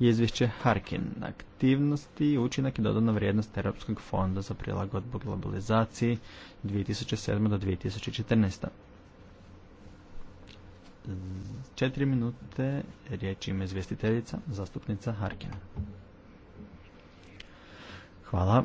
izvješće Harkin, aktivnosti i učinak i dodana vrijednost Europskog fonda za prilagodbu globalizaciji 2007. do 2014. Četiri minute riječ ima izvjestiteljica, zastupnica Harkin. Hvala.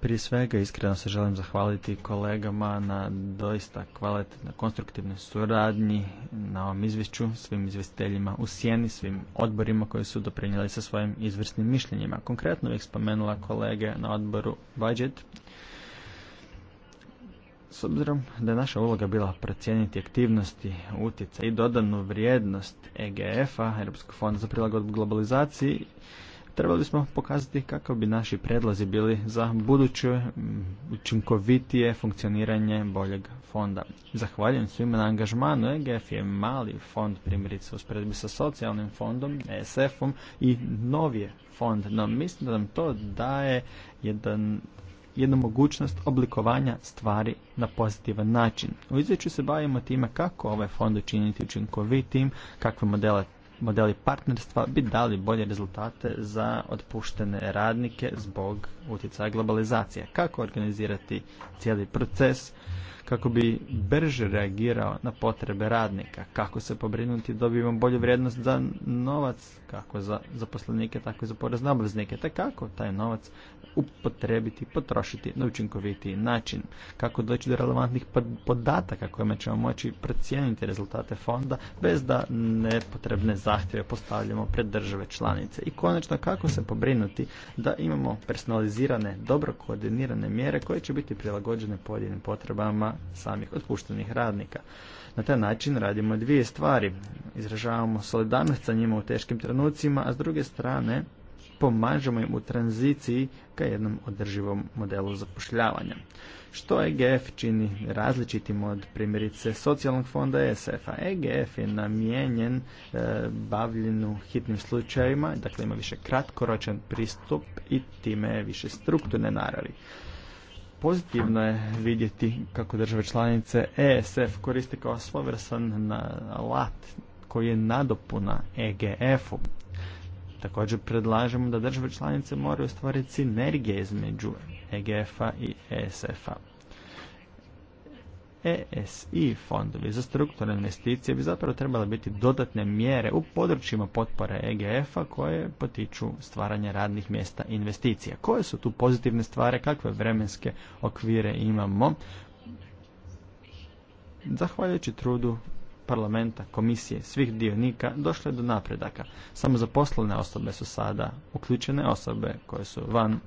Prije svega iskreno se želim zahvaliti kolegama na doista kvalitetnoj konstruktivnoj suradnji na ovom izvješću, svim izvjestiteljima u sjeni, svim odborima koji su doprinijeli sa svojim izvrsnim mišljenjima. Konkretno bih spomenula kolege na odboru budget. S obzirom da je naša uloga bila procijeniti aktivnosti, utjecaj i dodanu vrijednost EGF-a, Europskog fonda za prilagodbu globalizaciji, trebali bismo pokazati kako bi naši predlazi bili za buduće učinkovitije funkcioniranje boljeg fonda. Zahvaljujem svima na angažmanu. EGF je mali fond primjerice usporedbi sa socijalnim fondom, ESF-om i novije fond, no mislim da nam to daje jedan jednu mogućnost oblikovanja stvari na pozitivan način. U izvješću se bavimo time kako ovaj fond učiniti učinkovitim, kakve modele modeli partnerstva bi dali bolje rezultate za otpuštene radnike zbog utjecaja globalizacije. Kako organizirati cijeli proces kako bi brže reagirao na potrebe radnika, kako se pobrinuti da dobijemo bolju vrijednost za novac, kako za zaposlenike, tako i za porezne obveznike, te kako taj novac upotrebiti, potrošiti na učinkovitiji način. Kako doći do relevantnih podataka kojima ćemo moći procijeniti rezultate fonda bez da nepotrebne zahtjeve postavljamo pred države članice. I konačno kako se pobrinuti da imamo personalizirane, dobro koordinirane mjere koje će biti prilagođene pojedinim potrebama samih otpuštenih radnika. Na taj način radimo dvije stvari. Izražavamo solidarnost sa njima u teškim trenucima, a s druge strane pomažemo im u tranziciji ka jednom održivom modelu zapošljavanja. Što EGF čini različitim od primjerice socijalnog fonda ESF-a? EGF je namijenjen e, bavljenu hitnim slučajevima, dakle ima više kratkoročan pristup i time više strukturne naravi. Pozitivno je vidjeti kako države članice ESF koriste kao slovrsan alat koji je nadopuna EGF-u Također predlažemo da države članice moraju stvoriti sinergije između EGF-a i ESF-a. ESI fondovi za strukturne investicije bi zapravo trebale biti dodatne mjere u područjima potpore EGF-a koje potiču stvaranje radnih mjesta investicija. Koje su tu pozitivne stvari, kakve vremenske okvire imamo? Zahvaljujući trudu parlamenta, komisije, svih dionika došlo je do napredaka. Samo zaposlene osobe su sada uključene osobe koje su van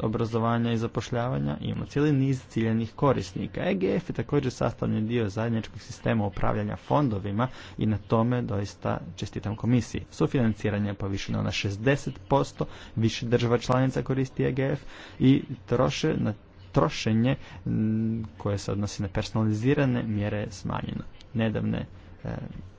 obrazovanja i zapošljavanja Imamo cijeli niz ciljenih korisnika. EGF je također sastavni dio zajedničkog sistema upravljanja fondovima i na tome doista čestitam komisiji. Sufinanciranje je povišeno na 60%, više država članica koristi EGF i troše na trošenje koje se odnosi na personalizirane mjere je smanjeno. Nedavne E,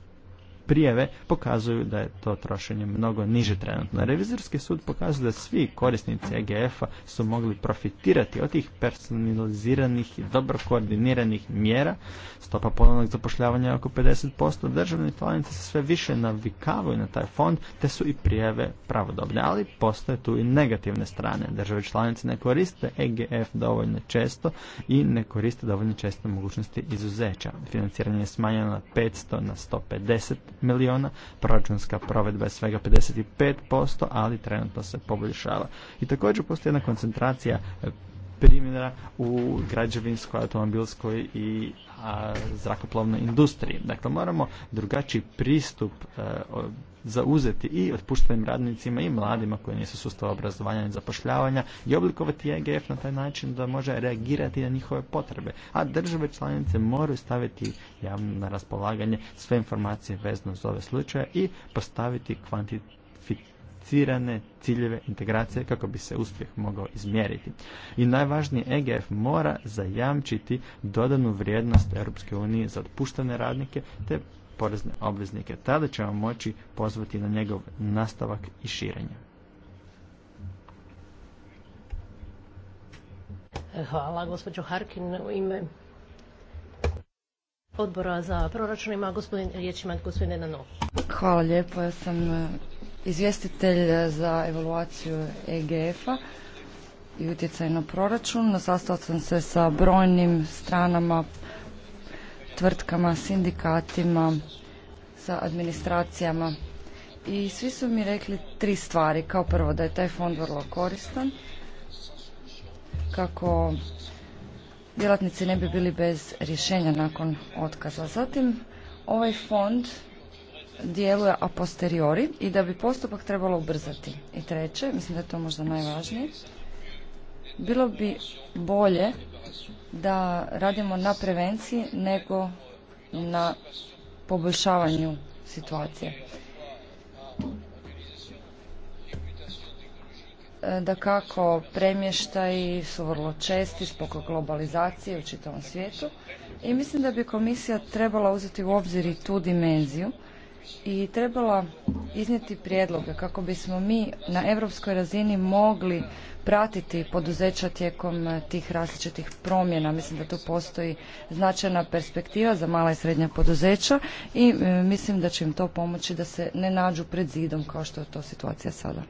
Prijeve pokazuju da je to trošenje mnogo niže trenutno. Revizorski sud pokazuje da svi korisnici EGF-a su mogli profitirati od tih personaliziranih i dobro koordiniranih mjera. Stopa ponovnog zapošljavanja je oko 50%. Državne članice se sve više navikavaju na taj fond, te su i prijeve pravodobne, ali postoje tu i negativne strane. Države članice ne koriste EGF dovoljno često i ne koriste dovoljno često mogućnosti izuzeća. Financiranje je smanjeno na 500 na 150 milijuna, proračunska provedba je svega 55%, ali trenutno se poboljšava. I također postoji jedna koncentracija primjera u građevinskoj, automobilskoj i zrakoplovnoj industriji. Dakle, moramo drugačiji pristup e, zauzeti i otpuštenim radnicima i mladima koji nisu sustav obrazovanja i zapošljavanja i oblikovati EGF na taj način da može reagirati na njihove potrebe. A države članice moraju staviti javno na raspolaganje sve informacije vezano za ove slučaje i postaviti kvantitativne kvalificirane ciljeve integracije kako bi se uspjeh mogao izmjeriti. I najvažnije, EGF mora zajamčiti dodanu vrijednost Europske unije za otpuštane radnike te porezne obveznike. Tada ćemo moći pozvati na njegov nastavak i širenje. Hvala, gospođo Harkin, u ime odbora za proračunima, gospodin, riječ ima gospodin Hvala lijepo, ja sam izvjestitelj eh, za evaluaciju EGF-a i utjecaj na proračun. Sastao sam se sa brojnim stranama, tvrtkama, sindikatima, sa administracijama i svi su mi rekli tri stvari. Kao prvo da je taj fond vrlo koristan, kako djelatnici ne bi bili bez rješenja nakon otkaza. Zatim ovaj fond djeluje a posteriori i da bi postupak trebalo ubrzati. I treće, mislim da je to možda najvažnije, bilo bi bolje da radimo na prevenciji nego na poboljšavanju situacije. E, da kako premještaji su vrlo česti zbog globalizacije u čitavom svijetu i mislim da bi komisija trebala uzeti u obzir i tu dimenziju i trebala iznijeti prijedloge kako bismo mi na europskoj razini mogli pratiti poduzeća tijekom eh, tih različitih promjena. Mislim da tu postoji značajna perspektiva za mala i srednja poduzeća i eh, mislim da će im to pomoći da se ne nađu pred zidom kao što je to situacija sada.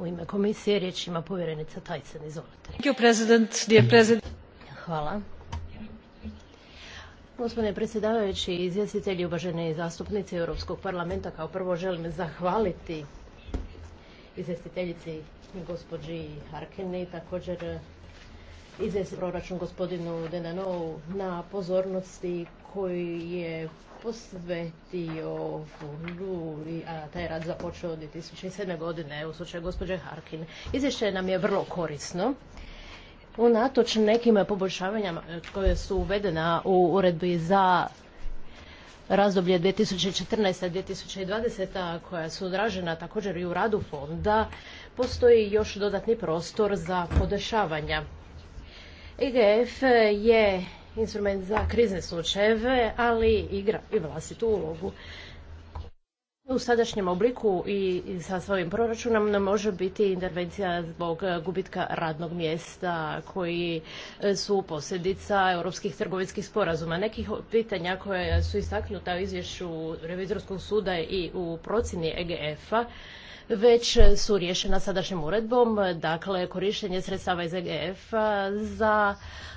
U ime komisije riječ ima povjerenica Tajcen izvolite. Hvala Gospodine predsjedavajući, izvjestitelji, uvaženi zastupnici Europskog parlamenta, kao prvo želim zahvaliti izvjestiteljici gospođi Harkini, također izvjestitelj proračun gospodinu Denanovu na pozornosti koji je posvetio a taj rad započeo od 2007. godine u slučaju gospođe Harkin. Izvješće nam je vrlo korisno unatoč nekim poboljšavanjama eh, koje su uvedena u uredbi za razdoblje 2014-2020 koja su odražena također i u radu fonda, postoji još dodatni prostor za podešavanja. IGF e je instrument za krizne slučajeve, ali igra i vlastitu ulogu. U sadašnjem obliku i sa svojim proračunom ne može biti intervencija zbog e, gubitka radnog mjesta koji e, su posljedica europskih trgovinskih sporazuma. Nekih pitanja koje su istaknuta u izvješću Revizorskog suda i u procjeni EGF-a već su riješena sadašnjom uredbom, dakle korištenje sredstava iz EGF za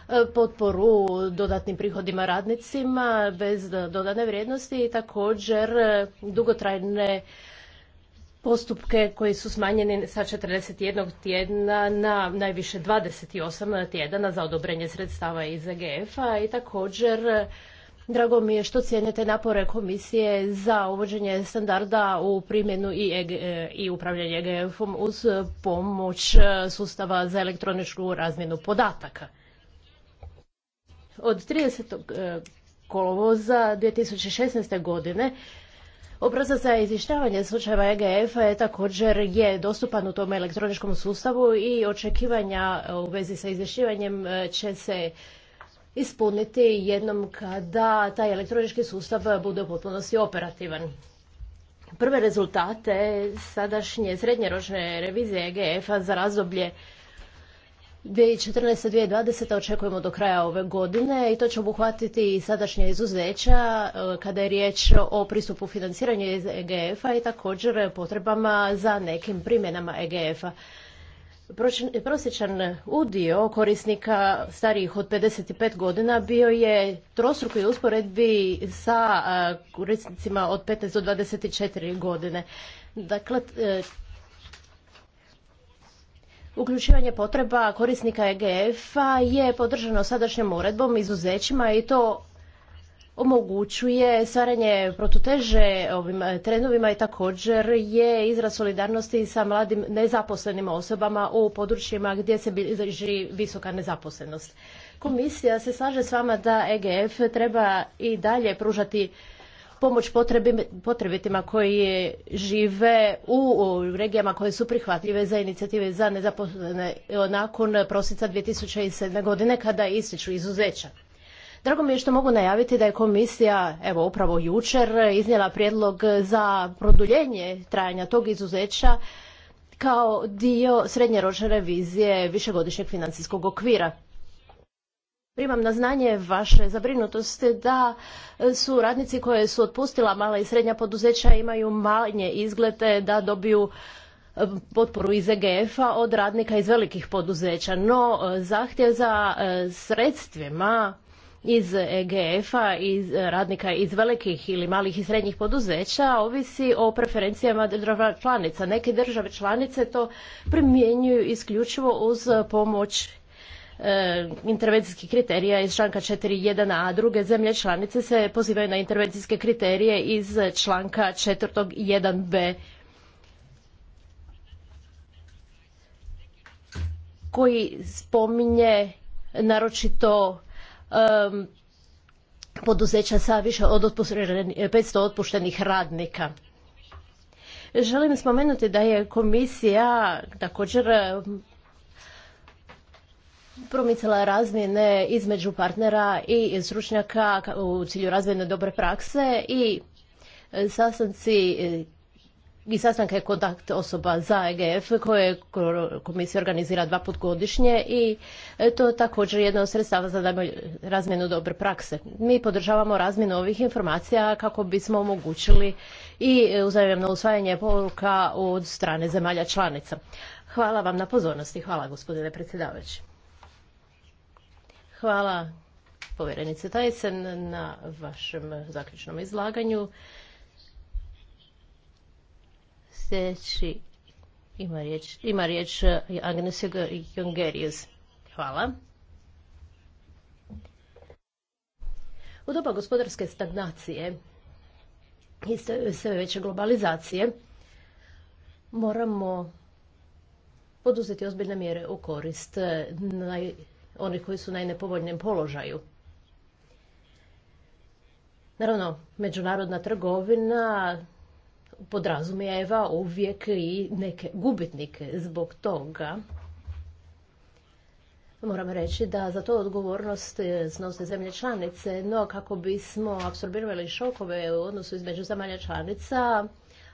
e, potporu dodatnim prihodima radnicima bez dodane vrijednosti i također e, dugotrajne postupke koji su smanjeni sa 41 tjedna na najviše 28 tjedana za odobrenje sredstava iz EGF-a i također Drago mi je što cijenite napore komisije za uvođenje standarda u primjenu i, e e, upravljanje EGF-om uz pomoć e, sustava za elektroničku razmjenu podataka. Od 30. kolovoza 2016. godine Obrazac za izvještavanje slučajeva EGF-a je također je dostupan u tom elektroničkom sustavu i očekivanja u vezi sa izvješćivanjem će se ispuniti jednom kada taj elektronički sustav bude u potpunosti operativan. Prve rezultate sadašnje srednjeročne revizije EGF-a za razdoblje 2014-2020 očekujemo do kraja ove godine i to će obuhvatiti i sadašnje izuzeća e, kada je riječ o pristupu financiranju iz e EGF-a i također potrebama za nekim primjenama EGF-a prosječan udio korisnika starijih od 55 godina bio je trostruko i usporedbi sa korisnicima od 15 do 24 godine. Dakle, e, Uključivanje potreba korisnika EGF-a je podržano sadašnjom uredbom, izuzećima i to omogućuje stvaranje protuteže ovim e, trendovima i također je izraz solidarnosti sa mladim nezaposlenim osobama u područjima gdje se bilježi visoka nezaposlenost. Komisija se slaže s vama da EGF treba i dalje pružati pomoć potrebitima koji žive u regijama koje su prihvatljive za inicijative za nezaposlene nakon prosinca 2007. godine kada ističu izuzeća. Drago mi je što mogu najaviti da je komisija, evo upravo jučer, iznijela prijedlog za produljenje trajanja tog izuzeća kao dio srednjeročne revizije višegodišnjeg financijskog okvira. Primam na znanje vaše zabrinutosti da su radnici koje su otpustila mala i srednja poduzeća imaju manje izglede da dobiju potporu iz EGF-a od radnika iz velikih poduzeća. No zahtjev za sredstvima iz EGF-a, iz radnika iz velikih ili malih i srednjih poduzeća ovisi o preferencijama država članica. Neke države članice to primjenjuju isključivo uz pomoć e, intervencijskih kriterija iz članka 41 a druge zemlje članice se pozivaju na intervencijske kriterije iz članka 4.1b koji spominje naročito um, poduzeća sa više od 500 otpuštenih radnika. Želim spomenuti da je komisija također promicala razmjene između partnera i stručnjaka u cilju razmjene dobre prakse i e, sastanci e, i je kontakt osoba za EGF koje komisija organizira dva put godišnje i e, to je također jedno od sredstava za razmjenu dobre prakse. Mi podržavamo razmjenu ovih informacija kako bismo omogućili i e, uzajemno usvajanje poruka od strane zemalja članica. Hvala vam na pozornosti. Hvala gospodine predsjedavajući. Hvala povjerenice Tajsen na vašem zaključnom izlaganju ima riječ, ima e, Agnes Jungerius. Hvala. U doba gospodarske stagnacije i sve veće globalizacije moramo poduzeti ozbiljne mjere u korist e, onih koji su na najnepovoljnijem položaju. Naravno, međunarodna trgovina podrazumijeva uvijek i neke gubitnike zbog toga. Moram reći da za to odgovornost e, snose zemlje članice, no kako bismo apsorbirali šokove u odnosu između zemalja članica,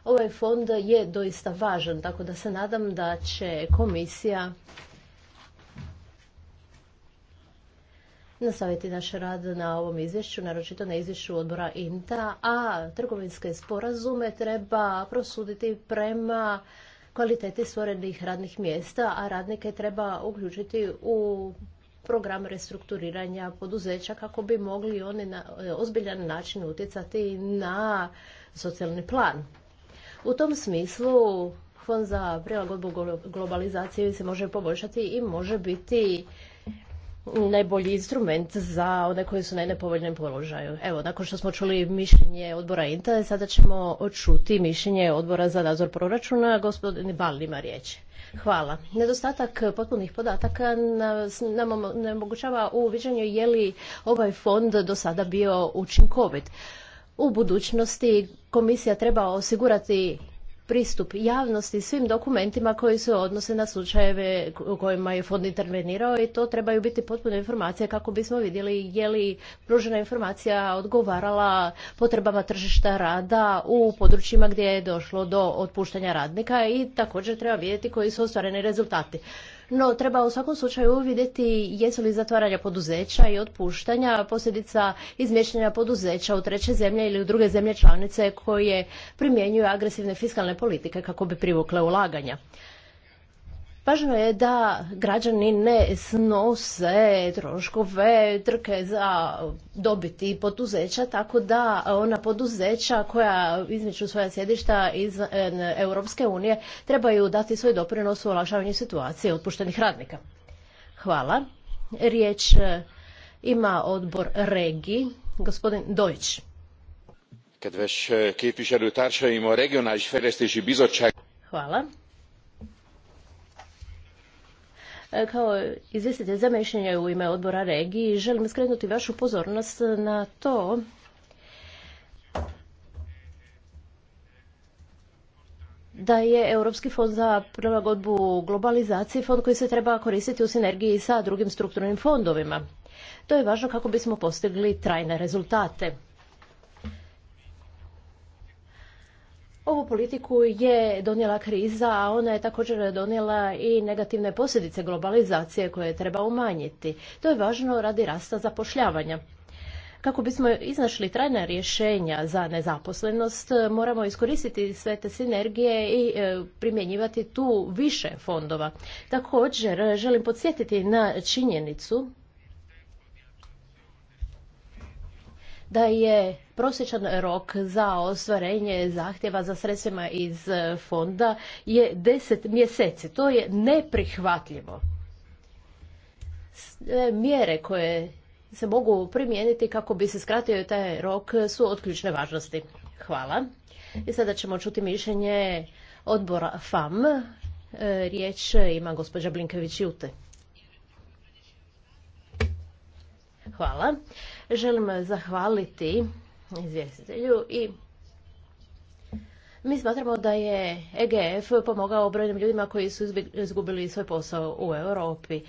ovaj fond je doista važan, tako da se nadam da će komisija nastaviti naš rad na ovom izvješću, naročito na izvješću odbora INTA, a trgovinske sporazume treba prosuditi prema kvaliteti stvorenih radnih mjesta, a radnike treba uključiti u program restrukturiranja poduzeća kako bi mogli oni na ozbiljan način utjecati na socijalni plan. U tom smislu Fond za prilagodbu globalizacije se može poboljšati i može biti najbolji instrument za one koji su na nepovoljnom položaju. Evo, nakon što smo čuli mišljenje odbora INTA, sada ćemo čuti mišljenje odbora za nadzor proračuna. Gospodin Bal ima riječ. Hvala. Nedostatak potpunih podataka nam omogućava u uviđanju je li ovaj fond do sada bio učinkovit. U budućnosti komisija treba osigurati pristup javnosti svim dokumentima koji se odnose na slučajeve u kojima je fond intervenirao i to trebaju biti potpune informacije kako bismo vidjeli je li pružena informacija odgovarala potrebama tržišta rada u područjima gdje je došlo do otpuštanja radnika i također treba vidjeti koji su ostvareni rezultati. No, treba u svakom slučaju vidjeti jesu li zatvaranja poduzeća i otpuštanja posljedica izmještanja poduzeća u treće zemlje ili u druge zemlje članice koje primjenjuju agresivne fiskalne politike kako bi privukle ulaganja. Važno je da građani ne snose troškove trke za dobiti poduzeća, tako da ona poduzeća koja između svoja sjedišta iz e, Europske unije trebaju dati svoj doprinos u olakšavanju situacije otpuštenih radnika. Hvala. Riječ e, ima odbor Regi, gospodin Dojić. E, regionális Bizottság... Hvala. E, kao izvjestitelj za mišljenje u ime odbora regiji želim skrenuti vašu pozornost na to da je Europski fond za prilagodbu globalizaciji fond koji se treba koristiti u sinergiji sa drugim strukturnim fondovima. To je važno kako bismo postigli trajne rezultate. Ovu politiku je donijela kriza, a ona je također donijela i negativne posljedice globalizacije koje treba umanjiti. To je važno radi rasta zapošljavanja. Kako bismo iznašli trajna rješenja za nezaposlenost, moramo iskoristiti sve te sinergije i e, primjenjivati tu više fondova. Također, želim podsjetiti na činjenicu da je prosječan rok za ostvarenje zahtjeva za sredstvima iz e, fonda je deset mjeseci. To je neprihvatljivo. E, mjere koje se mogu primijeniti kako bi se skratio taj rok su od ključne važnosti. Hvala. I sada ćemo čuti mišljenje odbora FAM. E, riječ ima gospođa Blinković jute Hvala želim zahvaliti izvjestitelju i mi smatramo da je EGF pomogao brojnim ljudima koji su izgubili svoj posao u Europi.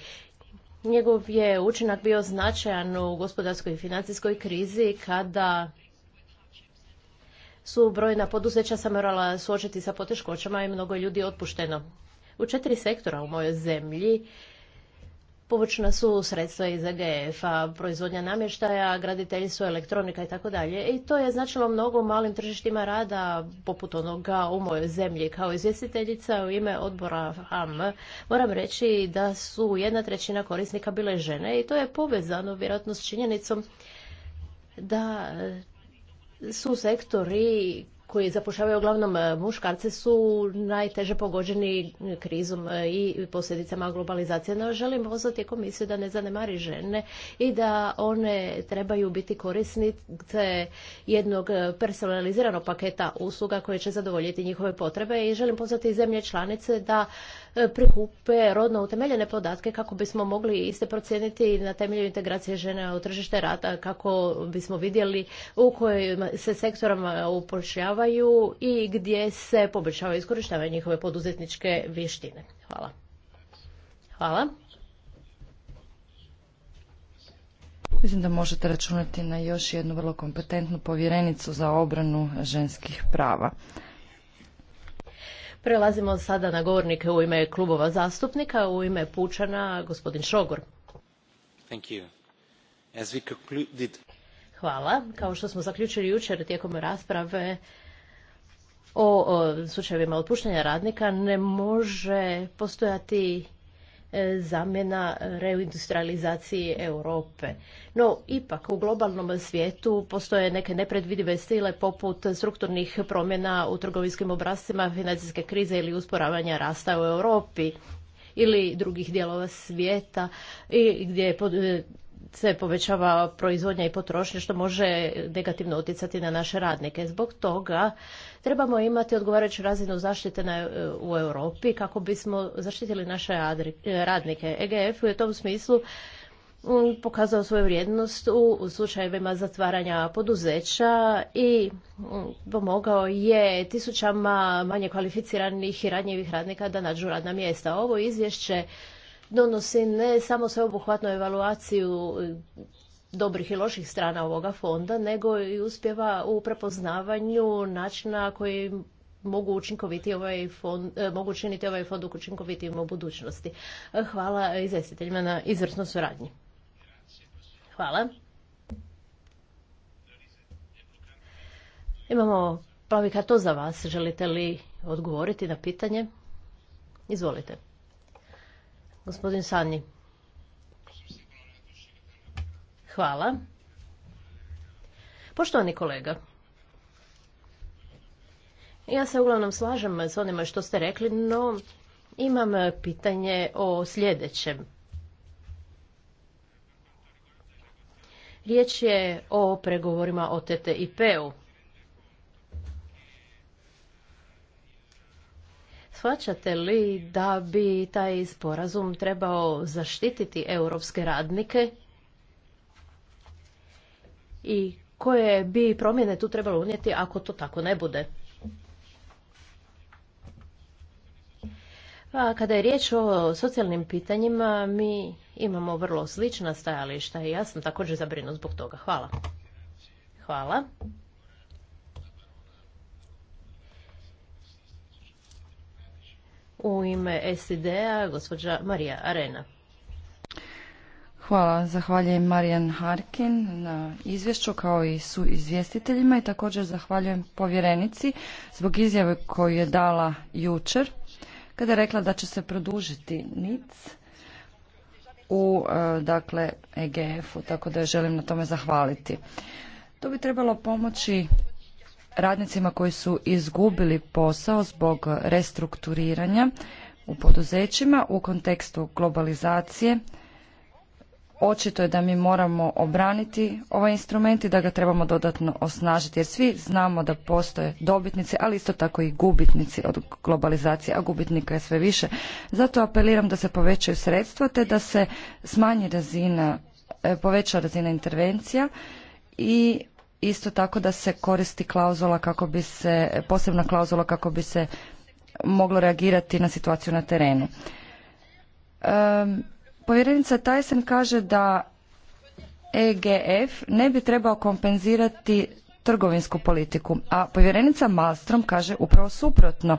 Njegov je učinak bio značajan u gospodarskoj i financijskoj krizi kada su brojna poduzeća se morala suočiti sa poteškoćama i mnogo je ljudi otpušteno. U četiri sektora u mojoj zemlji Povučena su sredstva iz EGF-a, proizvodnja namještaja, graditeljstvo, elektronika i tako dalje. I to je značilo mnogo malim tržištima rada, poput onoga u mojoj zemlji. Kao izvjestiteljica u ime odbora AM. moram reći da su jedna trećina korisnika bile žene i to je povezano vjerojatno s činjenicom da su sektori koji zapošljavaju uglavnom e, muškarce su najteže pogođeni krizom e, i posljedicama globalizacije. No, želim pozvati komisiju da ne zanemari žene i da one trebaju biti korisnice jednog e, personaliziranog paketa usluga koje će zadovoljiti njihove potrebe i želim pozvati zemlje članice da E, prikupe rodno utemeljene podatke kako bismo mogli iste procijeniti na temelju integracije žena u tržište rada, kako bismo vidjeli u kojim se sektorama upošljavaju i gdje se poboljšava iskorištavanje njihove poduzetničke vještine. Hvala. Hvala. Mislim da možete računati na još jednu vrlo kompetentnu povjerenicu za obranu ženskih prava. Prelazimo sada na govornike u ime klubova zastupnika, u ime Pučana, gospodin Šogor. Hvala. Kao što smo zaključili jučer tijekom rasprave o, o slučajevima otpuštanja radnika, ne može postojati E, zamjena e, reindustrializaciji Europe. No, ipak u globalnom svijetu postoje neke nepredvidive sile poput strukturnih promjena u trgovinskim obrascima, financijske krize ili usporavanja rasta u Europi ili drugih dijelova svijeta i gdje e, se povećava proizvodnja i potrošnja što može negativno utjecati na naše radnike. Zbog toga trebamo imati odgovarajuću razinu zaštite na, u Europi kako bismo zaštitili naše radnike. EGF u tom smislu mm, pokazao svoju vrijednost u slučajevima zatvaranja poduzeća i mm, pomogao je tisućama manje kvalificiranih i radnjivih radnika da nađu radna mjesta. Ovo izvješće donosi ne samo sveobuhvatnu evaluaciju e, dobrih i loših strana ovoga fonda, nego i uspjeva u prepoznavanju načina koji mogu, učinkoviti ovaj fond, e, mogu učiniti ovaj fond učinkovitim u budućnosti. E, hvala izvjestiteljima na izvrsnoj suradnji. Hvala. Imamo plavi to za vas. Želite li odgovoriti na pitanje? Izvolite. Gospodin Sanji. Hvala. Poštovani kolega, ja se uglavnom slažem s onima što ste rekli, no imam pitanje o sljedećem. Riječ je o pregovorima o TTIP-u. Shvaćate li da bi taj sporazum trebao zaštititi europske radnike i koje bi promjene tu trebalo unijeti ako to tako ne bude? Pa kada je riječ o socijalnim pitanjima, mi imamo vrlo slična stajališta i ja sam također zabrinut zbog toga. Hvala. Hvala. U ime SID-a, gospođa Marija Arena. Hvala, zahvaljujem Marijan Harkin na izvješću kao i su izvjestiteljima i također zahvaljujem povjerenici zbog izjave koju je dala jučer kada je rekla da će se produžiti NIC u e, dakle EGF-u, tako da želim na tome zahvaliti. To bi trebalo pomoći radnicima koji su izgubili posao zbog restrukturiranja u poduzećima u kontekstu globalizacije. Očito je da mi moramo obraniti ovaj instrument i da ga trebamo dodatno osnažiti jer svi znamo da postoje dobitnici, ali isto tako i gubitnici od globalizacije, a gubitnika je sve više. Zato apeliram da se povećaju sredstva te da se smanji razina, e, poveća razina intervencija i isto tako da se koristi klauzula kako bi se, posebna klauzula kako bi se moglo reagirati na situaciju na terenu. povjerenica Tyson kaže da EGF ne bi trebao kompenzirati trgovinsku politiku, a povjerenica Malstrom kaže upravo suprotno.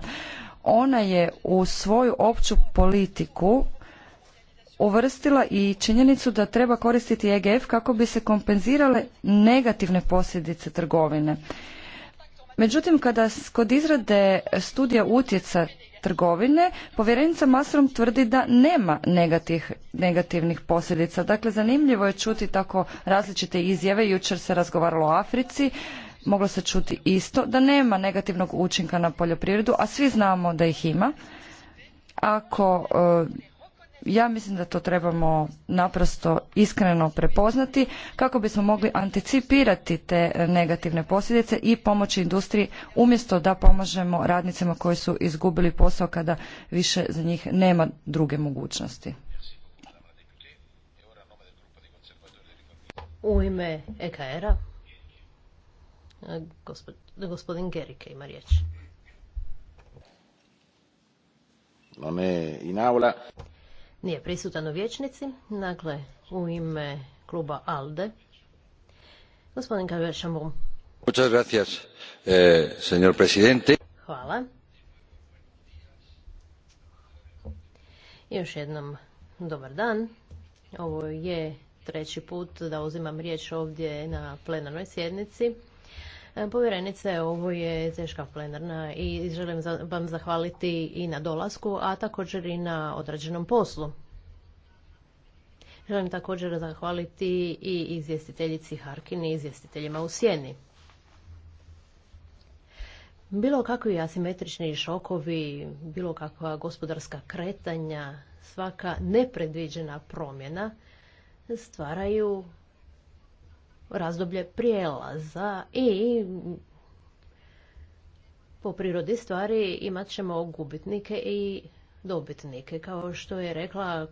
Ona je u svoju opću politiku uvrstila i činjenicu da treba koristiti EGF kako bi se kompenzirale negativne posljedice trgovine. Međutim, kada kod izrade studija utjeca trgovine, povjerenica Masrom tvrdi da nema negativnih posljedica. Dakle, zanimljivo je čuti tako različite izjave. Jučer se razgovaralo o Africi, moglo se čuti isto, da nema negativnog učinka na poljoprivredu, a svi znamo da ih ima. Ako e, ja mislim da to trebamo naprosto iskreno prepoznati kako bismo mogli anticipirati te negativne posljedice i pomoći industriji umjesto da pomažemo radnicima koji su izgubili posao kada više za njih nema druge mogućnosti. U ime EKR-a gospodin Gerike ima riječ. Non è in aula nije prisutan u vječnici. Dakle, u ime kluba ALDE, gospodin Kavir Muchas gracias, eh, Hvala. Još jednom dobar dan. Ovo je treći put da uzimam riječ ovdje na plenarnoj sjednici. E, povjerenice, ovo je teška plenarna i želim vam zahvaliti i na dolasku, a također i na odrađenom poslu. Želim također zahvaliti i izvjestiteljici Harkin i izvjestiteljima u Sjeni. Bilo kakvi asimetrični šokovi, bilo kakva gospodarska kretanja, svaka nepredviđena promjena stvaraju razdoblje prijelaza i po prirodi stvari imat ćemo gubitnike i dobitnike. Kao što je rekla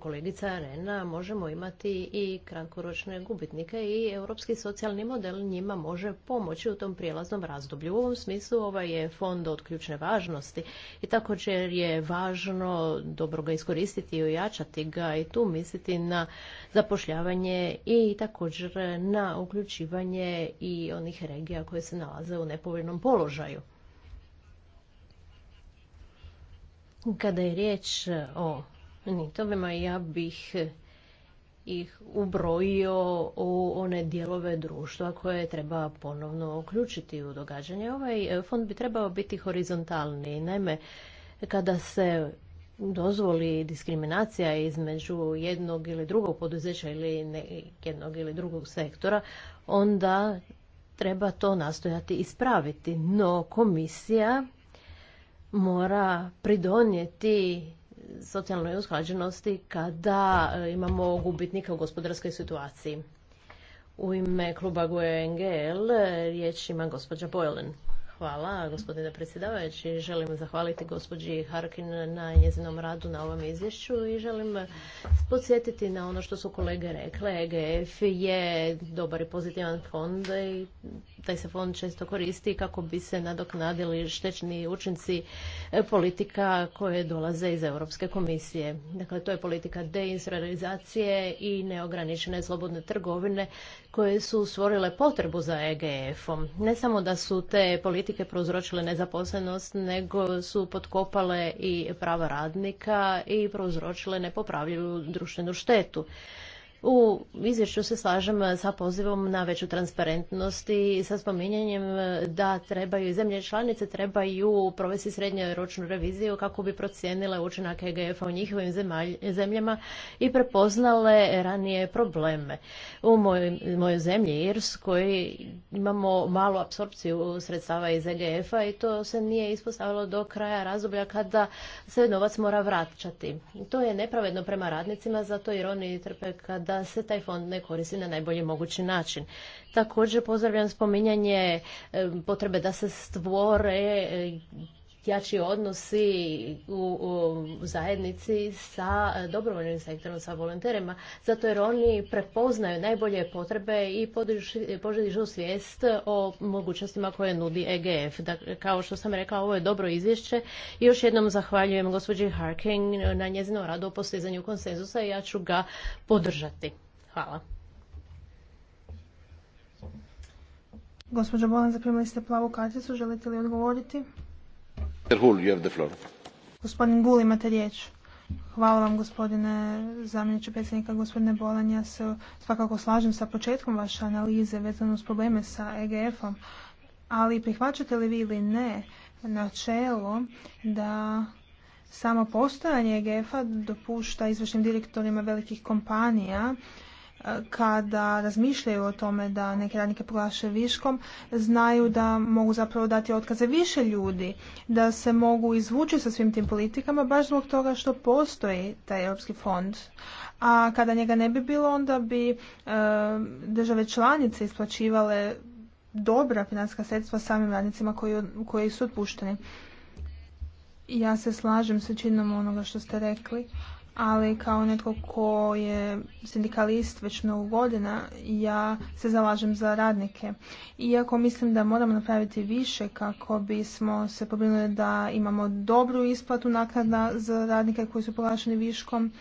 kolegica Arena možemo imati i kratkoročne gubitnike i europski socijalni model njima može pomoći u tom prijelaznom razdoblju. U ovom smislu ovaj je fond od ključne važnosti i također je važno dobro ga iskoristiti i ojačati ga i tu misliti na zapošljavanje i također na uključivanje i onih regija koje se nalaze u nepovoljnom položaju. Kada je riječ o nitovima ja bih ih ubrojio u one dijelove društva koje treba ponovno uključiti u događanje. Ovaj e, fond bi trebao biti horizontalni. Naime, kada se dozvoli diskriminacija između jednog ili drugog poduzeća ili jednog ili drugog sektora, onda treba to nastojati ispraviti. No komisija mora pridonijeti socijalnoj usklađenosti kada e, imamo gubitnika u gospodarskoj situaciji. U ime kluba GUE-NGL e, riječ ima gospođa Bojlen. Hvala, gospodine predsjedavajući. Želim zahvaliti gospođi Harkin na njezinom radu na ovom izvješću i želim podsjetiti na ono što su kolege rekle. EGF je dobar i pozitivan fond i taj se fond često koristi kako bi se nadoknadili štećni učinci e, politika koje dolaze iz Europske komisije. Dakle, to je politika deinstralizacije i neograničene slobodne trgovine koje su stvorile potrebu za EGF-om. Ne samo da su te politike politike prouzročile nezaposlenost, nego su potkopale i prava radnika i prouzročile nepopravljivu društvenu štetu. U izvješću se slažem sa pozivom na veću transparentnost i sa spominjanjem da trebaju zemlje članice trebaju provesti ročnu reviziju kako bi procijenile učinak egf u njihovim zemljama i prepoznale ranije probleme. U mojoj, mojoj zemlji Irskoj imamo malu apsorpciju sredstava iz EGF-a i to se nije ispostavilo do kraja razdoblja kada se novac mora vraćati. To je nepravedno prema radnicima zato jer oni trpe kada da se taj fond ne koristi na najbolji mogući način. Također pozdravljam spominjanje potrebe da se stvore jači odnosi u, u zajednici sa dobrovoljnim sektorom, sa volonterima, zato jer oni prepoznaju najbolje potrebe i podižu svijest o mogućnostima koje nudi EGF. kao što sam rekla, ovo je dobro izvješće i još jednom zahvaljujem gospođi Harking na njezinom radu o postizanju konsenzusa i ja ću ga podržati. Hvala. Gospođo Bolan, zaprimili ste plavu karticu, želite li odgovoriti? Gospodin Gul, imate riječ. Hvala vam gospodine zamjeniče predsjednika, gospodine Bolan. Ja se svakako slažem sa početkom vaše analize vezano s probleme sa EGF-om, ali prihvaćate li vi ili ne načelo da samo postojanje EGF-a dopušta izvršnim direktorima velikih kompanija kada razmišljaju o tome da neke radnike proglaše viškom, znaju da mogu zapravo dati otkaze više ljudi, da se mogu izvući sa svim tim politikama baš zbog toga što postoji taj Europski fond. A kada njega ne bi bilo, onda bi e, države članice isplaćivale dobra financijska sredstva samim radnicima koji, koji su otpušteni. Ja se slažem sa većinom onoga što ste rekli, ali kao netko ko je sindikalist već mnogo godina, ja se zalažem za radnike. Iako mislim da moramo napraviti više kako bismo se pobrinuli da imamo dobru isplatu naknada za radnike koji su polašeni viškom,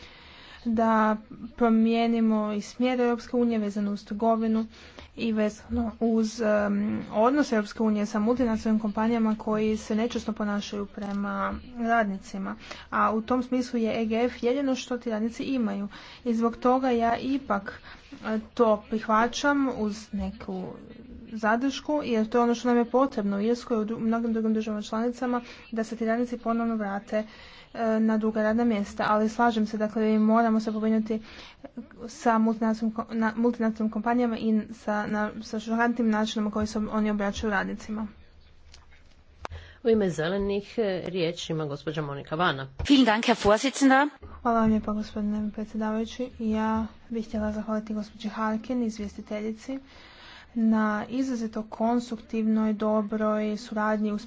da promijenimo i smjer Europske unije vezano uz trgovinu i vezano uz um, odnos Europske unije sa multinacionalnim kompanijama koji se nečasno ponašaju prema radnicima. A u tom smislu je EGF jedino što ti radnici imaju. I zbog toga ja ipak e, to prihvaćam uz neku zadršku, jer to je ono što nam je potrebno u Irskoj i u mnogim drugim državama članicama, da se ti radnici ponovno vrate E, na druga radna mjesta. Ali slažem se, dakle, moramo se pobrinuti sa multinacionalnim kompanijama i sa, na, sa šurantnim načinom koji se oni obraćaju radnicima. U ime zelenih e, riječ ima gospođa Monika Vana. Hvala vam lijepa gospodine predsjedavajući. Ja bih htjela zahvaliti gospođi Harkin, izvjestiteljici, na izrazito konstruktivnoj, dobroj suradnji u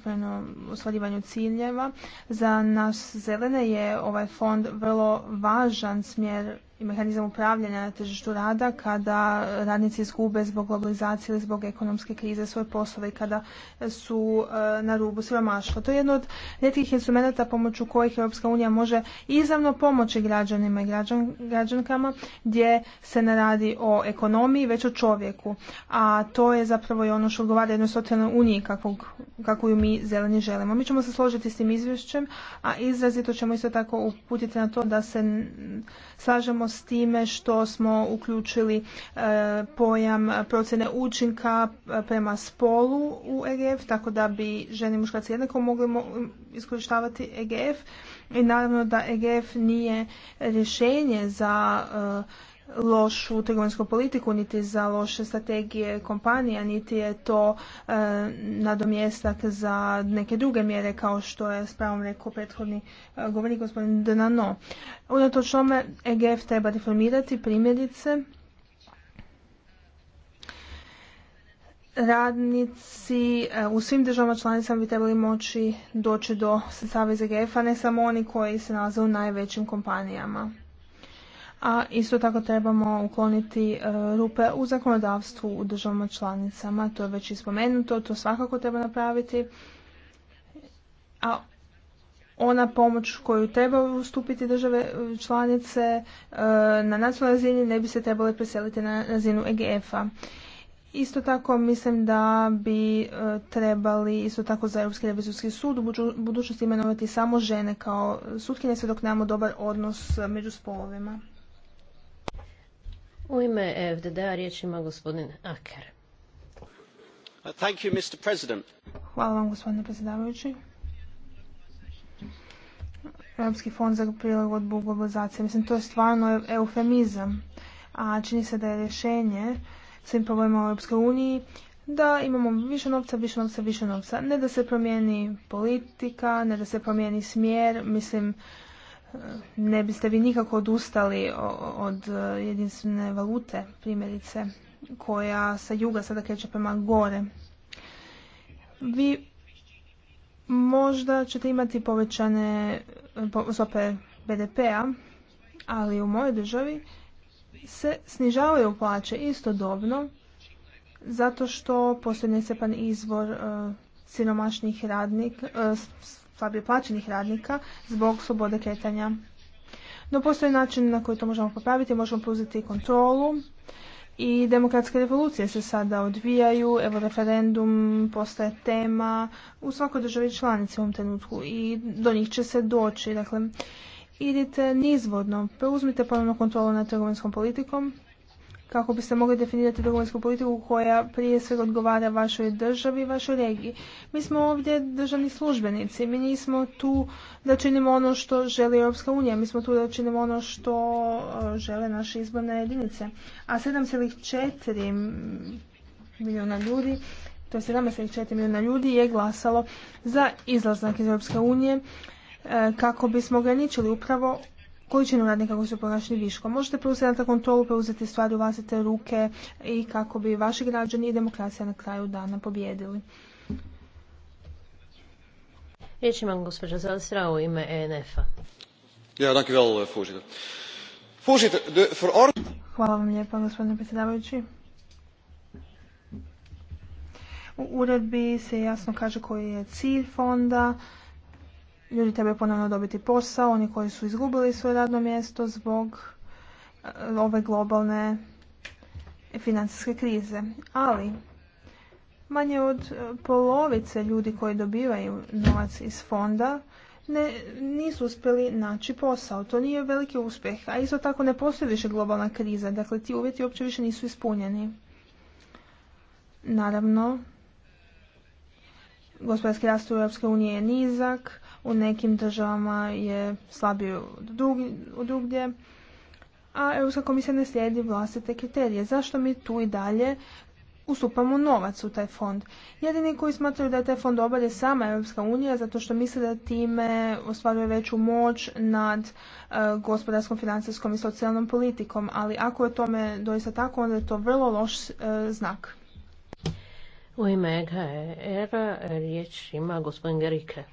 ostvarivanju ciljeva. Za nas zelene je ovaj fond vrlo važan smjer i mehanizam upravljanja na tržištu rada kada radnici izgube zbog globalizacije ili zbog ekonomske krize svoje poslove i kada su e, na rubu siromaštva. To je jedno od rijetkih instrumenta pomoću kojih Europska unija može izravno pomoći građanima i građankama gdje se ne radi o ekonomiji već o čovjeku. A to je zapravo i ono što odgovara jednoj socijalnoj uniji kakvog, kakvu ju mi zeleni želimo. Mi ćemo se složiti s tim izvješćem, a izrazito ćemo isto tako uputiti na to da se slažemo s time što smo uključili e, pojam procjene učinka e, prema spolu u EGF, tako da bi žene i muškarci jednako mogli iskorištavati EGF i naravno da EGF nije rješenje za e, lošu trgovinsku politiku, niti za loše strategije kompanija, niti je to e, nadomjestak za neke druge mjere kao što je s pravom rekao prethodni e, govornik gospodin Dnano. Unatoč tome EGF treba reformirati primjerice radnici e, u svim državama članicama bi trebali moći doći do sredstava iz EGF-a, ne samo oni koji se nalaze u najvećim kompanijama a isto tako trebamo ukloniti e, rupe u zakonodavstvu u državama članicama. To je već ispomenuto, to svakako treba napraviti. A ona pomoć koju treba ustupiti države e, članice e, na nacionalnoj razini ne bi se trebale preseliti na razinu EGF-a. Isto tako mislim da bi trebali isto tako za Europski revizorski sud u budućnosti imenovati samo žene kao sutkinje sve dok nemamo dobar odnos među spolovima. U ime e FDD-a riječ ima gospodin Aker. Hvala vam gospodine predsjedavajući. Europski fond za prilagodbu globalizacije. Mislim, to je stvarno eufemizam. A čini se da je rješenje svim problemima u Europskoj uniji da imamo više novca, više novca, više novca. Ne da se promijeni politika, ne da se promijeni smjer. Mislim, ne biste vi nikako odustali od e, jedinstvene valute, primjerice, koja sa juga sada kreće prema gore. Vi možda ćete imati povećane e, stope BDP-a, ali u mojoj državi se snižavaju plaće istodobno zato što postoji nesepan izvor e, siromašnih radnika, slabije plaćenih radnika zbog slobode kretanja. No postoji način na koji to možemo popraviti, možemo preuzeti kontrolu i demokratske revolucije se sada odvijaju, evo referendum postaje tema u svakoj državi članici u ovom trenutku i do njih će se doći. Dakle, idite nizvodno, preuzmite ponovno kontrolu nad trgovinskom politikom kako biste mogli definirati domovinsku politiku koja prije svega odgovara vašoj državi i vašoj regiji. Mi smo ovdje državni službenici, mi nismo tu da činimo ono što želi Europska unija, mi smo tu da činimo ono što e, žele naše izborne jedinice. A 7,4 milijuna ljudi to je 17,4 milijuna ljudi je glasalo za izlaznak iz Europske unije e, kako bismo ograničili upravo količinu radnika koji su ponašali viškom. Možete preuzeti na kontrolu, preuzeti stvari u vlastite ruke i kako bi vaši građani i demokracija na kraju dana pobjedili. Riječ imam gospođa Zelstra u ime ENF-a. Ja, dank vel, eh, voorzitter. de verord... Hvala vam lijepa, gospodine predsjedavajući. U uredbi se jasno kaže koji je cilj fonda, ljudi trebaju ponovno dobiti posao, oni koji su izgubili svoje radno mjesto zbog eh, ove globalne financijske krize. Ali manje od eh, polovice ljudi koji dobivaju novac iz fonda ne, nisu uspjeli naći posao. To nije veliki uspjeh, a isto tako ne postoji više globalna kriza, dakle ti uvjeti uopće više nisu ispunjeni. Naravno, gospodarski rast u EU je nizak, u nekim državama je slabije od drugdje, a Europska komisija ne slijedi vlastite kriterije. Zašto mi tu i dalje ustupamo novac u taj fond. Jedini koji smatraju da je taj fond dobar je sama Europska unija zato što misle da time ostvaruje veću moć nad e, gospodarskom, financijskom i socijalnom politikom, ali ako je tome doista tako, onda je to vrlo loš e, znak. U ime riječ ima gospodin Gerike.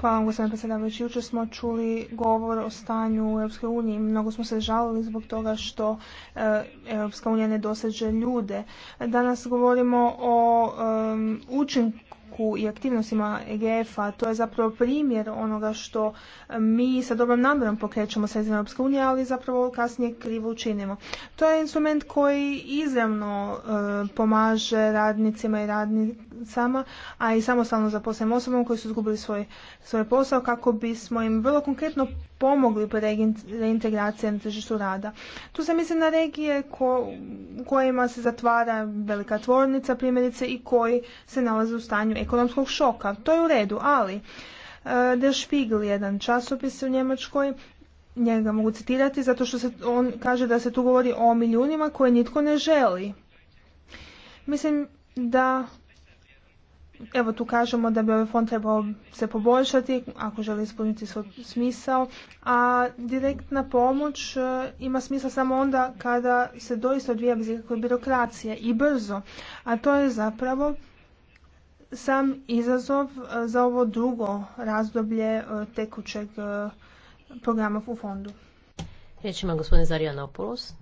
Hvala vam gospodine predsjedavajući. Jučer smo čuli govor o stanju u Europskoj uniji. Mnogo smo se žalili zbog toga što eh, Europska unija ne doseže ljude. Danas govorimo o učinku i aktivnostima EGF-a. To je zapravo primjer onoga što mi sa dobrom namjerom pokrećemo sa Europske unije, ali zapravo kasnije krivo učinimo. To je instrument koji izravno eh, pomaže radnicima i radnicima sama, a i samostalno zaposlenim osobama koji su izgubili svoj, svoj posao kako bismo im vrlo konkretno pomogli pre reintegracije na tržištu rada. Tu se mislim na regije ko, kojima se zatvara velika tvornica primjerice i koji se nalaze u stanju ekonomskog šoka. To je u redu, ali e, Der Spiegel, jedan časopis u Njemačkoj, njega mogu citirati zato što se on kaže da se tu govori o milijunima koje nitko ne želi. Mislim da Evo tu kažemo da bi ovaj fond trebao se poboljšati ako želi ispuniti svoj smisao, a direktna pomoć e, ima smisla samo onda kada se doista odvija bez ikakve birokracije i brzo, a to je zapravo sam izazov e, za ovo drugo razdoblje e, tekućeg programa u fondu. Riječ ima gospodin Zarianopoulos.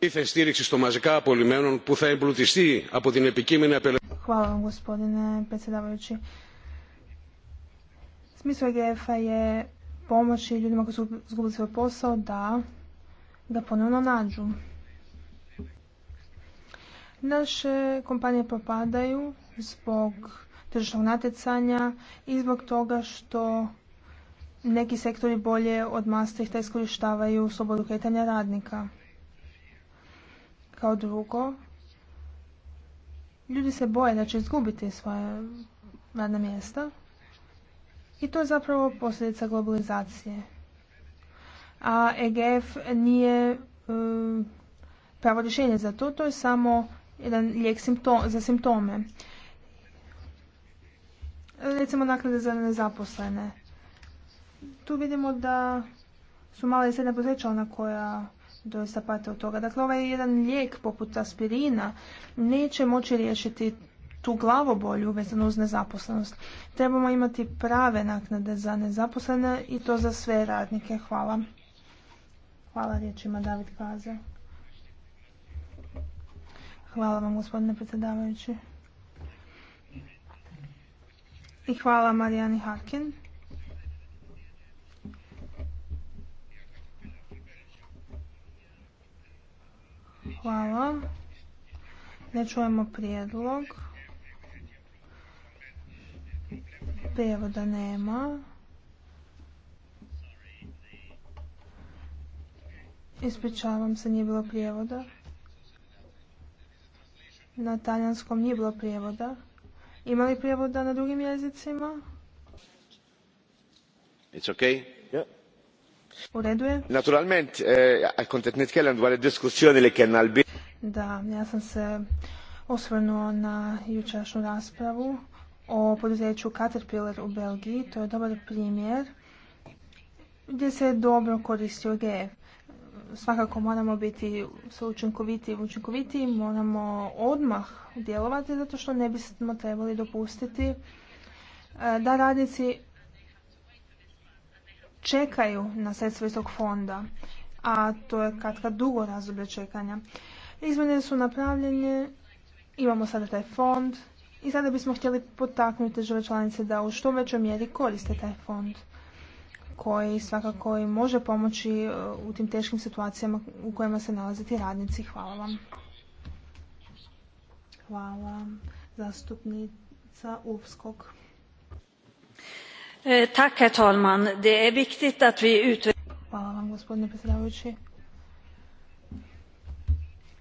Ήρθε στήριξη των μαζικά απολυμένων που θα εμπλουτιστεί από την επικείμενη Hvala vam gospodine predsjedavajući. Smisao EGF-a je pomoći ljudima koji su izgubili svoj posao da ga ponovno nađu. Naše kompanije propadaju zbog tržišnog natjecanja i zbog toga što neki sektori bolje od te iskorištavaju slobodu kretanja radnika. Kao drugo, Ljudi se boje da će izgubiti svoje radna mjesta i to je zapravo posljedica globalizacije. A EGF nije e, pravo rješenje za to, to je samo jedan lijek simptom, za simptome. Recimo naklade za nezaposlene. Tu vidimo da su male i srednje poduzeća koja doista pate od toga. Dakle, ovaj jedan lijek poput aspirina neće moći riješiti tu glavobolju vezano uz nezaposlenost. Trebamo imati prave naknade za nezaposlene i to za sve radnike. Hvala. Hvala riječima David Kaze. Hvala vam gospodine predsjedavajući. I hvala Marijani Harkin. Hvala. Ne čujemo prijedlog. Prijevoda nema. Ispričavam se, nije bilo prijevoda. Na talijanskom nije bilo prijevoda. Ima li prijevoda na drugim jezicima? It's okay. Eh, da, ja sam se osvrnuo na jučerašnju raspravu o poduzeću Caterpillar u Belgiji. To je dobar primjer gdje se dobro koristio GF. E. Svakako moramo biti sve učinkovitiji i učinkovitiji, moramo odmah djelovati zato što ne bismo trebali dopustiti eh, da radnici čekaju na sredstva iz tog fonda, a to je kad kad dugo razdoblje čekanja. Izmjene su napravljene, imamo sada taj fond i sada bismo htjeli potaknuti države članice da u što većoj mjeri koriste taj fond koji svakako i može pomoći e, u tim teškim situacijama u kojima se nalaze ti radnici. Hvala vam. Hvala. Zastupnica Uvskog. Eh, gospodine predsjedavajući.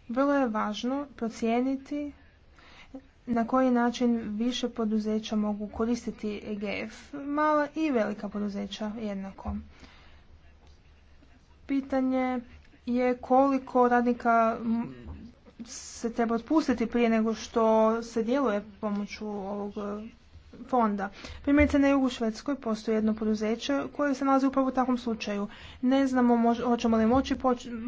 Vrlo je važno procijeniti na koji način više poduzeća mogu koristiti EGF, mala i velika poduzeća jednako. Pitanje je koliko radnika se treba otpustiti prije nego što se djeluje pomoću ovog fonda. Primjerice na jugu Švedskoj postoji jedno poduzeće koje se nalazi upravo u takvom slučaju. Ne znamo hoćemo li moći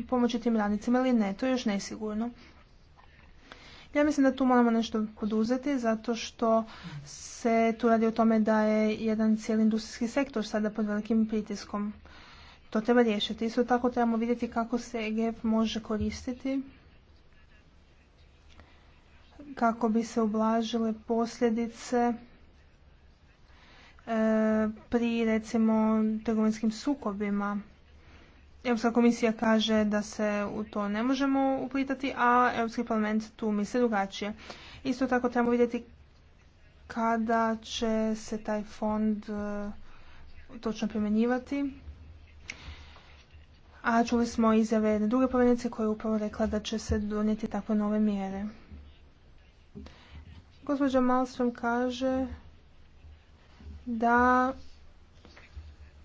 pomoći tim radnicima ili ne, to je još nesigurno. Ja mislim da tu moramo nešto poduzeti zato što se tu radi o tome da je jedan cijeli industrijski sektor sada pod velikim pritiskom. To treba riješiti. Isto tako trebamo vidjeti kako se EGF može koristiti kako bi se ublažile posljedice pri recimo trgovinskim sukobima. Europska komisija kaže da se u to ne možemo uplitati, a Europski parlament tu misli drugačije. Isto tako trebamo vidjeti kada će se taj fond e, točno primjenjivati. A čuli smo izjave jedne druge povjerenice koja je upravo rekla da će se donijeti takve nove mjere. Gospođa Malstrom kaže da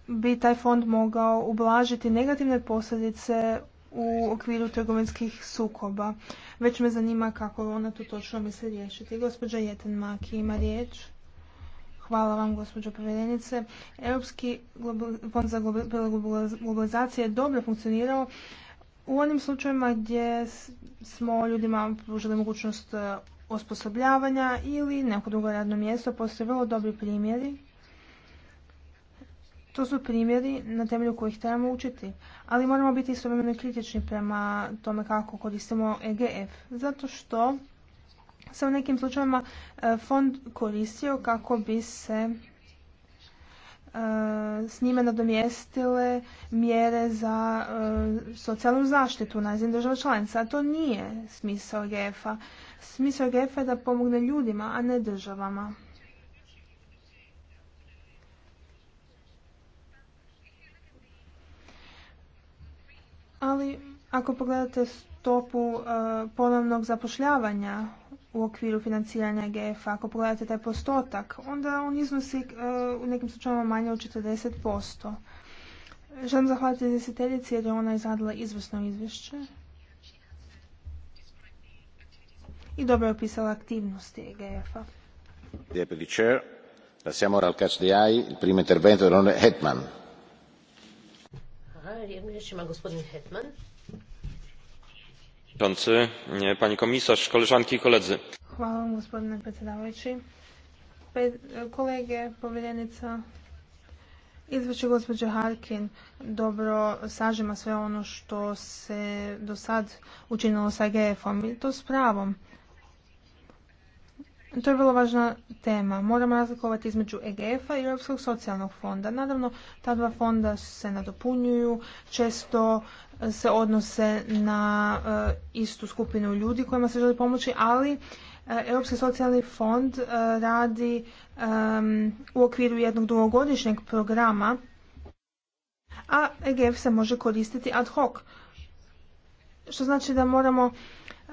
bi taj fond mogao ublažiti negativne posljedice u okviru trgovinskih sukoba. Već me zanima kako ona to točno misli riješiti. Gospođa Jetenmaki ima riječ. Hvala vam, gospođo povjerenice. Europski fond za globalizaciju je dobro funkcionirao u onim slučajevima gdje smo ljudima pružili mogućnost e, osposobljavanja ili neko drugo radno mjesto. Postoje vrlo dobri primjeri to su primjeri na temelju kojih trebamo učiti, ali moramo biti istovremeno kritični prema tome kako koristimo EGF, zato što se u nekim slučajevima e, fond koristio kako bi se e, s njime nadomjestile mjere za e, socijalnu zaštitu na razini država članica. A to nije smisao egf a Smisao egf a je da pomogne ljudima, a ne državama. ali ako pogledate stopu e, ponovnog zapošljavanja u okviru financiranja GF, ako pogledate taj postotak, onda on iznosi e, u nekim slučajevima manje od 40%. Želim zahvaliti izvjestiteljici jer je ona izradila izvrsno izvješće i dobro je opisala aktivnosti EGF-a. Deputy Chair, ora al il primo intervento Hetman. E, Hvala vam gospodine predsjedavajući. kolege, povjerenica, izvješće gospođe Harkin dobro sažima sve ono što se do sad učinilo sa GF-om i to s pravom. To je vrlo važna tema. Moramo razlikovati između EGF-a i Europskog socijalnog fonda. Naravno, ta dva fonda se nadopunjuju, često e, se odnose na e, istu skupinu ljudi kojima se želi pomoći, ali e, Europski socijalni fond radi u okviru jednog dugogodišnjeg programa, a EGF se može koristiti ad hoc. Što znači da moramo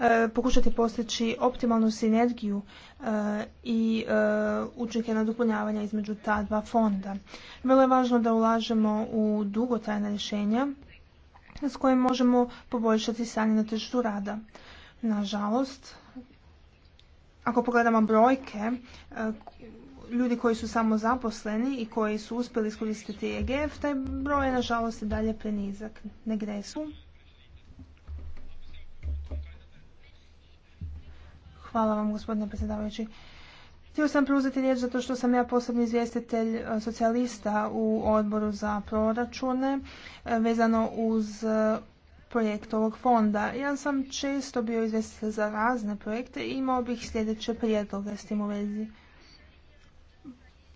E, pokušati postići optimalnu sinergiju e, i e, učinke nadopunjavanja između ta dva fonda. Vrlo je važno da ulažemo u dugotrajna rješenja s kojim možemo poboljšati stanje na tržištu rada. Nažalost, ako pogledamo brojke, ljudi koji su samo zaposleni i koji su uspjeli iskoristiti EGF, taj broj je nažalost i dalje prenizak. Ne gre su. Hvala vam gospodine predsjedavajući. Htio sam preuzeti riječ zato što sam ja posebni izvjestitelj e, socijalista u odboru za proračune e, vezano uz e, projekt ovog fonda. Ja sam često bio izvjestitelj za razne projekte i imao bih sljedeće prijedloge s tim u vezi.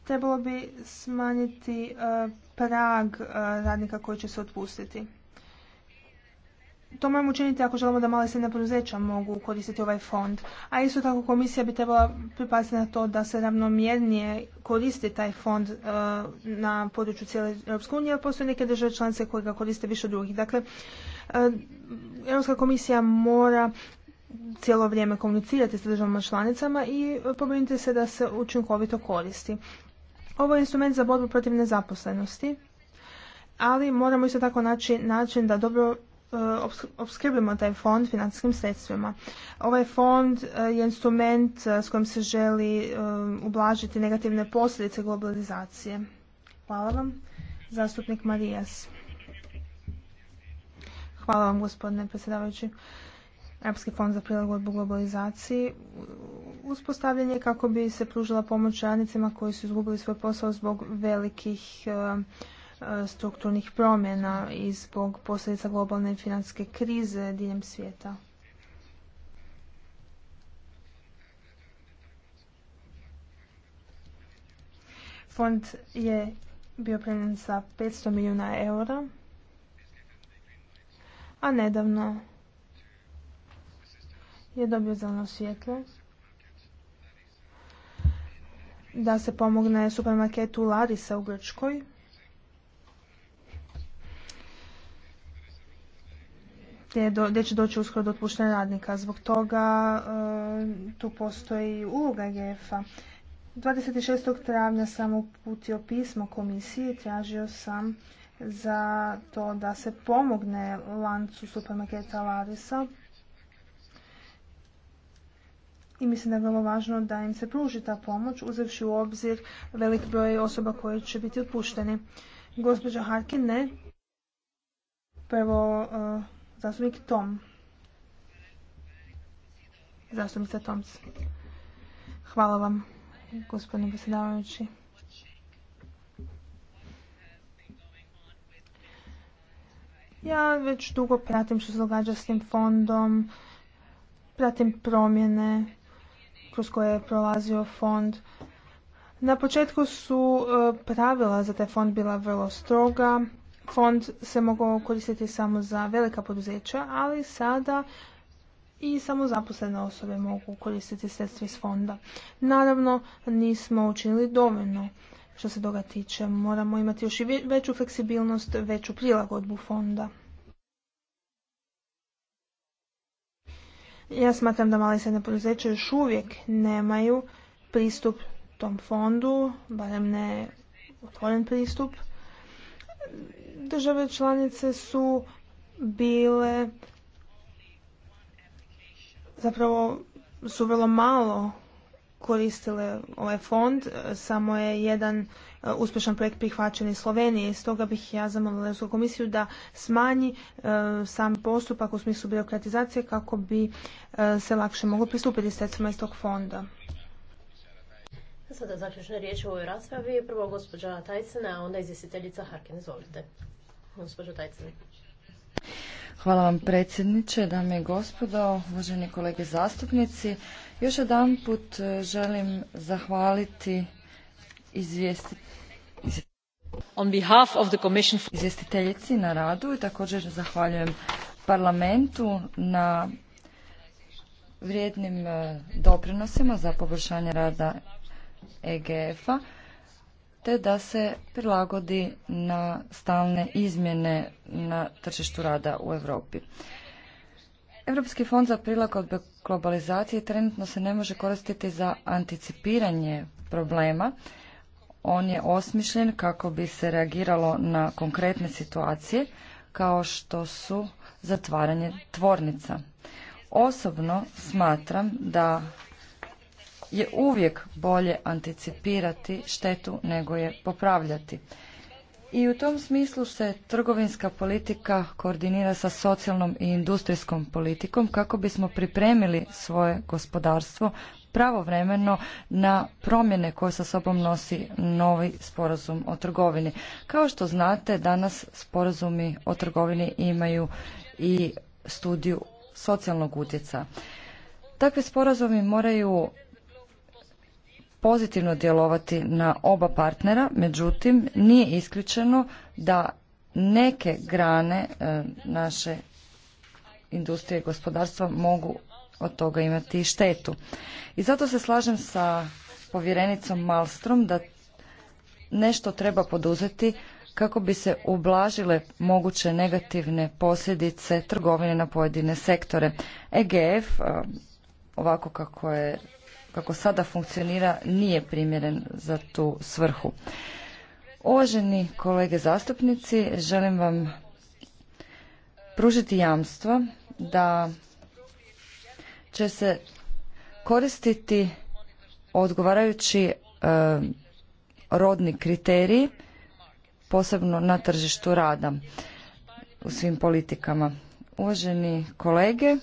Trebalo bi smanjiti prag radnika koji će se otpustiti to moramo učiniti ako želimo da male srednja poduzeća mogu koristiti ovaj fond. A isto tako komisija bi trebala pripaziti na to da se ravnomjernije koristi taj fond e, na području cijele Europske unije, a postoje neke države članice koje ga koriste više drugih. Dakle, e, Europska komisija mora cijelo vrijeme komunicirati sa državama članicama i pobrinite se da se učinkovito koristi. Ovo je instrument za borbu protiv nezaposlenosti, ali moramo isto tako naći način da dobro Eh, opskrbimo taj fond financijskim sredstvima. Ovaj fond eh, je instrument eh, s kojim se želi ublažiti negativne posljedice globalizacije. Hvala vam. Zastupnik Marijas. Hvala vam gospodine predsjedavajući. Europski fond za prilagodbu globalizaciji uspostavljen je kako bi se pružila pomoć radnicima koji su izgubili svoj posao zbog velikih E, strukturnih promjena i zbog posljedica globalne financijske krize diljem svijeta. Fond je bio prenjen sa 500 milijuna eura, a nedavno je dobio zeleno svjetlo da se pomogne supermarketu Larisa u Grčkoj gdje, do, gdje će doći uskoro do otpuštenja radnika. Zbog toga e, tu postoji uloga GF-a. 26. travnja sam uputio pismo komisiji i tražio sam za to da se pomogne lancu supermarketa Larisa. I mislim da je vrlo važno da im se pruži ta pomoć, uzevši u obzir velik broj osoba koje će biti otpušteni. Gospođa Harkin, ne. Prvo, e, Zastupnik Tom. Zastupnica Toms. Hvala vam, gospodine posljedavajući. Ja već dugo pratim što se događa s tim fondom, pratim promjene kroz koje je prolazio fond. Na početku su e, pravila za taj fond bila vrlo stroga, fond se mogao koristiti samo za velika poduzeća, ali sada i samo zaposlene osobe mogu koristiti sredstva iz fonda. Naravno, nismo učinili dovoljno što se toga tiče. Moramo imati još i veću fleksibilnost, veću prilagodbu fonda. Ja smatram da mali sredne poduzeće još uvijek nemaju pristup tom fondu, barem ne otvoren pristup Države članice su bile zapravo su vrlo malo koristile ovaj fond, samo je jedan e, uspješan projekt prihvaćen iz Slovenije. Stoga bih ja zamolila Europsku komisiju da smanji e, sam postupak u smislu birokratizacije kako bi e, se lakše moglo pristupiti sredstvima iz tog fonda. Sada zaključne riječi u ovoj raspravi. Prvo gospođa Tajcina, a onda izvjestiteljica Harkin. Izvolite. Gospođo Hvala vam predsjedniče, dame i gospodo, uvaženi kolege zastupnici. Još jedan put e, želim zahvaliti izvjestiteljici na radu i također zahvaljujem parlamentu na vrijednim e, doprinosima za poboljšanje rada EGF-a te da se prilagodi na stalne izmjene na tržištu rada u Europi. Europski fond za prilagodbe globalizacije trenutno se ne može koristiti za anticipiranje problema. On je osmišljen kako bi se reagiralo na konkretne situacije kao što su zatvaranje tvornica. Osobno smatram da je uvijek bolje anticipirati štetu nego je popravljati. I u tom smislu se trgovinska politika koordinira sa socijalnom i industrijskom politikom kako bismo pripremili svoje gospodarstvo pravovremeno na promjene koje sa sobom nosi novi sporazum o trgovini. Kao što znate, danas sporazumi o trgovini imaju i studiju socijalnog utjecaja. Takvi sporazumi moraju pozitivno djelovati na oba partnera, međutim nije isključeno da neke grane e, naše industrije i gospodarstva mogu od toga imati štetu. I zato se slažem sa povjerenicom Malstrom da nešto treba poduzeti kako bi se ublažile moguće negativne posljedice trgovine na pojedine sektore. EGF, e, ovako kako je kako sada funkcionira nije primjeren za tu svrhu. Uvaženi kolege zastupnici, želim vam pružiti jamstva da će se koristiti odgovarajući e, rodni kriteriji, posebno na tržištu rada u svim politikama. Uvaženi kolege,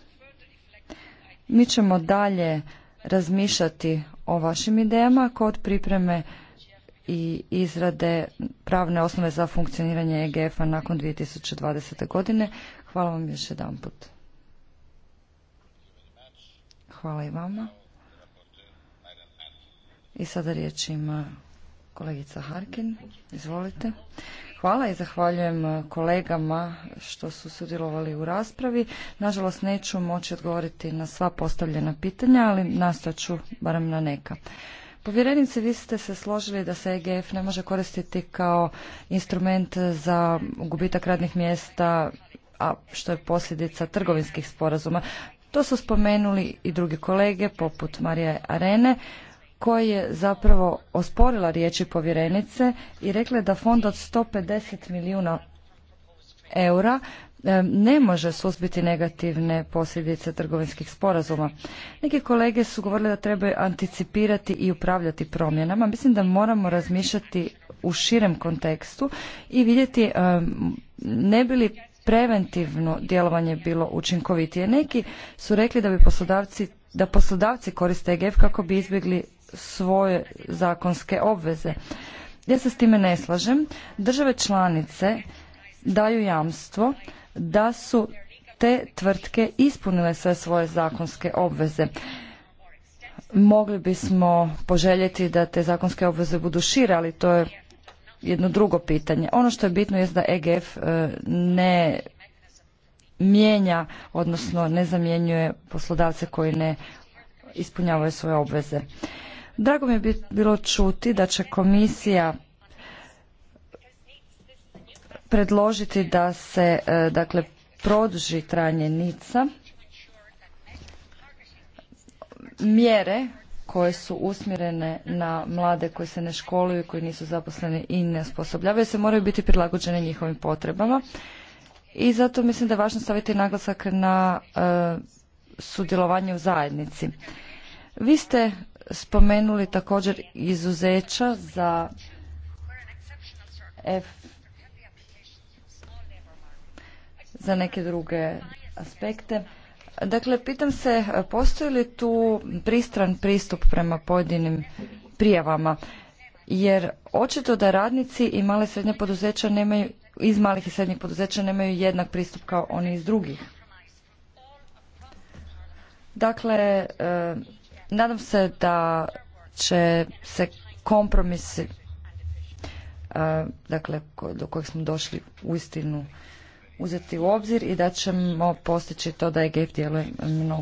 mi ćemo dalje razmišljati o vašim idejama kod pripreme i izrade pravne osnove za funkcioniranje EGF-a nakon 2020. godine. Hvala vam još jedan put. Hvala i vama. I sada riječ ima kolegica Harkin. Izvolite. Hvala i zahvaljujem e, kolegama što su sudjelovali u raspravi. Nažalost neću moći odgovoriti na sva postavljena pitanja, ali nastojat ću barem na neka. Povjerenice, vi ste se složili da se EGF ne može koristiti kao instrument za gubitak radnih mjesta, a što je posljedica trgovinskih sporazuma. To su spomenuli i drugi kolege, poput Marije Arene koja je zapravo osporila riječi povjerenice i rekla je da fond od 150 milijuna eura ne može suzbiti negativne posljedice trgovinskih sporazuma. Neki kolege su govorili da trebaju anticipirati i upravljati promjenama. Mislim da moramo razmišljati u širem kontekstu i vidjeti ne bi li preventivno djelovanje bilo učinkovitije. Neki su rekli da bi poslodavci da poslodavci koriste EGF kako bi izbjegli svoje zakonske obveze. Ja se s time ne slažem. Države članice daju jamstvo da su te tvrtke ispunile sve svoje zakonske obveze. Mogli bismo poželjeti da te zakonske obveze budu šire, ali to je jedno drugo pitanje. Ono što je bitno je da EGF e, ne mijenja, odnosno ne zamjenjuje poslodavce koji ne ispunjavaju svoje obveze. Drago mi je bilo čuti da će komisija predložiti da se e, dakle produži trajanje nica mjere koje su usmjerene na mlade koji se ne školuju koji nisu zaposleni i ne osposobljavaju se moraju biti prilagođene njihovim potrebama i zato mislim da je važno staviti naglasak na e, sudjelovanje u zajednici vi ste spomenuli također izuzeća za F za neke druge aspekte. Dakle, pitam se, postoji li tu pristran pristup prema pojedinim prijavama? Jer očito da radnici i male srednje poduzeća nemaju, iz malih i srednjih poduzeća nemaju jednak pristup kao oni iz drugih. Dakle, e, Nadam se da će se kompromis dakle, do kojeg smo došli uistinu uzeti u obzir i da ćemo postići to da je djeluje mnogo